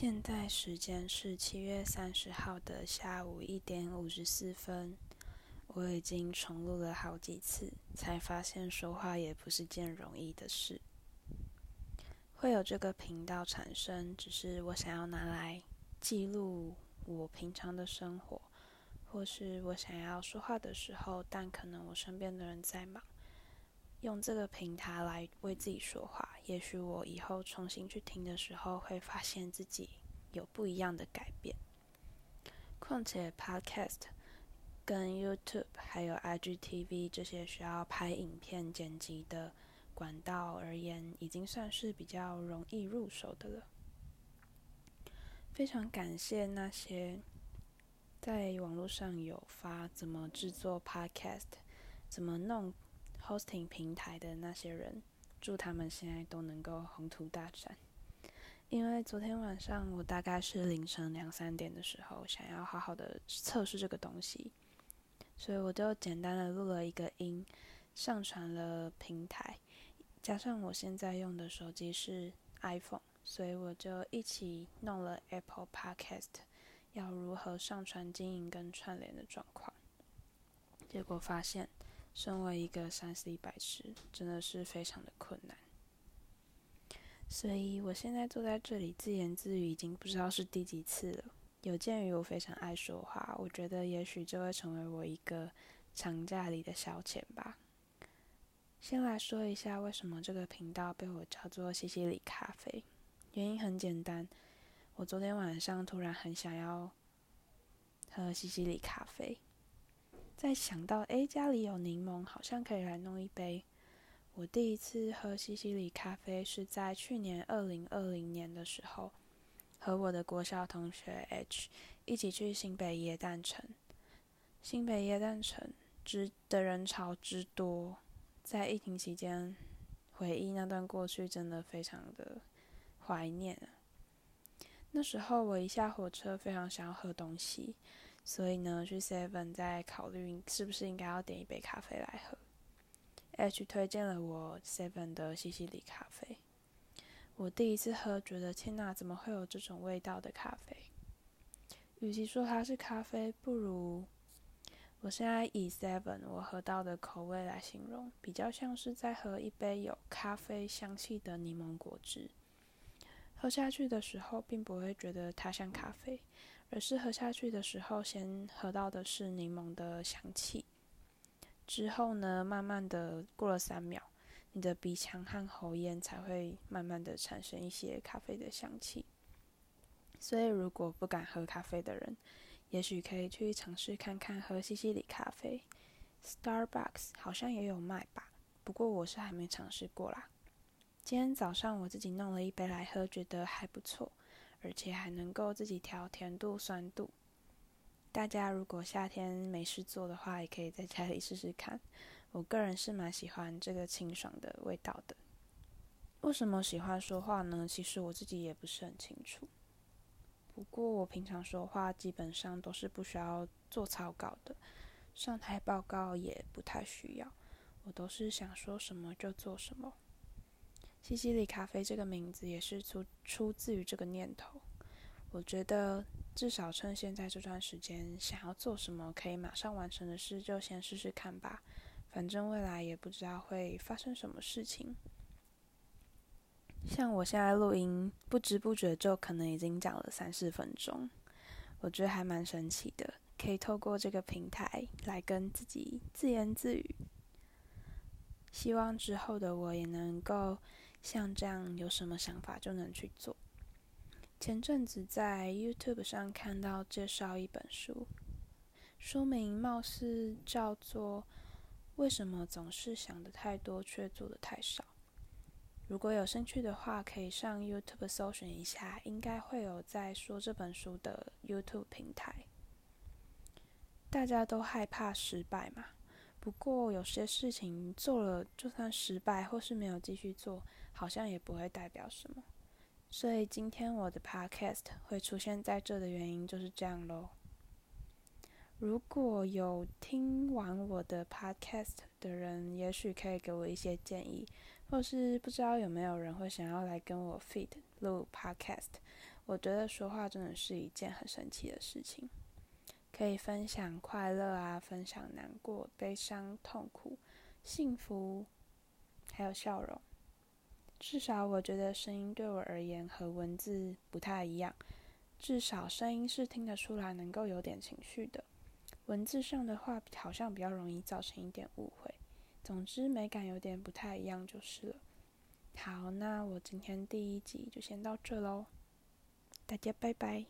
現在時間是七月三十號的下午一點五十四分，我已經重錄了好幾次，才發現說話也不是件容易的事。會有這個頻道產生，只是我想要拿來記錄我平常的生活，或是我想要說話的時候，但可能我身邊的人在忙。用這個平台來為自己說話，也許我以後重新去聽的時候，會發現自己有不一樣的改變。況且，podcast 跟 YouTube 還有 IGTV 這些需要拍影片剪輯的管道而言，已經算是比較容易入手的了。非常感謝那些在網絡上有發怎麼製作 podcast，怎麼弄，hosting 平台的那些人，祝他們現在都能夠宏圖大展。因為昨天晚上我大概是凌晨兩三點的時候，想要好好的測試這個東西，所以我就簡單的錄了一個音，上傳了平台。加上我現在用的手機是 iPhone，所以我就一起弄了 Apple Podcast，要如何上傳、經營跟串聯的狀況。結果發現。身為一個三 C 白痴，真的是非常的困難。所以我現在坐在這裡自言自語，已經不知道是第幾次了。有鑒於我非常愛說話，我覺得也許這會成為我一個長假裡的消遣吧。先來說一下為什麼這個頻道被我叫做西西里咖啡，原因很簡單，我昨天晚上突然很想要喝西西里咖啡。在想到，誒，家裡有檸檬，好像可以來弄一杯。我第一次喝西西里咖啡是在去年二零二零年的時候，和我的國小同學 H 一起去新北耶誕城。新北耶誕城之的人潮之多，在疫情期間，回憶那段過去真的非常的懷念。那時候我一下火車，非常想要喝東西。所以呢，去 Seven 再考慮是不是應該要點一杯咖啡來喝。H 推薦了我 Seven 的西西里咖啡，我第一次喝，覺得天吶，怎麼會有這種味道的咖啡？與其說它是咖啡，不如我現在以 Seven 我喝到的口味來形容，比較像是在喝一杯有咖啡香氣的檸檬果汁。喝下去的時候，並不會覺得它像咖啡，而是喝下去的時候，先喝到的是檸檬的香氣。之後呢，慢慢的過了三秒，你的鼻腔和喉咽才會慢慢的產生一些咖啡的香氣。所以，如果不敢喝咖啡的人，也許可以去嘗試看看喝西西里咖啡。Starbucks 好像也有賣吧，不過我是還沒嘗試過啦。今天早上我自己弄了一杯來喝，覺得還不錯，而且還能夠自己調甜度、酸度。大家如果夏天沒事做的話，也可以在家裡試試看。我個人是蠻喜歡這個清爽的味道的。為什麼喜歡說話呢？其實我自己也不是很清楚。不過我平常說話基本上都是不需要做草稿的，上台報告也不太需要，我都是想說什麼就做什麼。西西里咖啡這個名字，也是出出自於這個念頭。我覺得至少趁現在這段時間，想要做什麼可以馬上完成的事，就先試試看吧。反正未來也不知道會發生什麼事情。像我現在錄音，不知不覺就可能已經講了三四分鐘。我覺得還蠻神奇的，可以透過這個平台來跟自己自言自語。希望之後的我也能夠。像這樣有什麼想法就能去做。前陣子在 YouTube 上看到介紹一本書，書名貌似叫做《為什麼總是想得太多卻做得太少》。如果有興趣的話，可以上 YouTube 搜尋一下，應該會有在說這本書的 YouTube 平台。大家都害怕失敗嘛？不過有些事情做了就算失敗或是沒有繼續做，好像也不會代表什麼。所以今天我的 Podcast 會出現在這的原因就是這樣咯。如果有聽完我的 Podcast 的人，也許可以給我一些建議，或是不知道有沒有人會想要來跟我 feat 錄 Podcast。我覺得說話真的是一件很神奇的事情。可以分享快樂啊，分享難過、悲傷、痛苦、幸福，還有笑容。至少我覺得聲音對我而言和文字不太一樣，至少聲音是聽得出來，能夠有點情緒的。文字上的話，好像比較容易造成一點誤會。總之美感有點不太一樣就是了。好，那我今天第一集就先到這嘍，大家拜拜。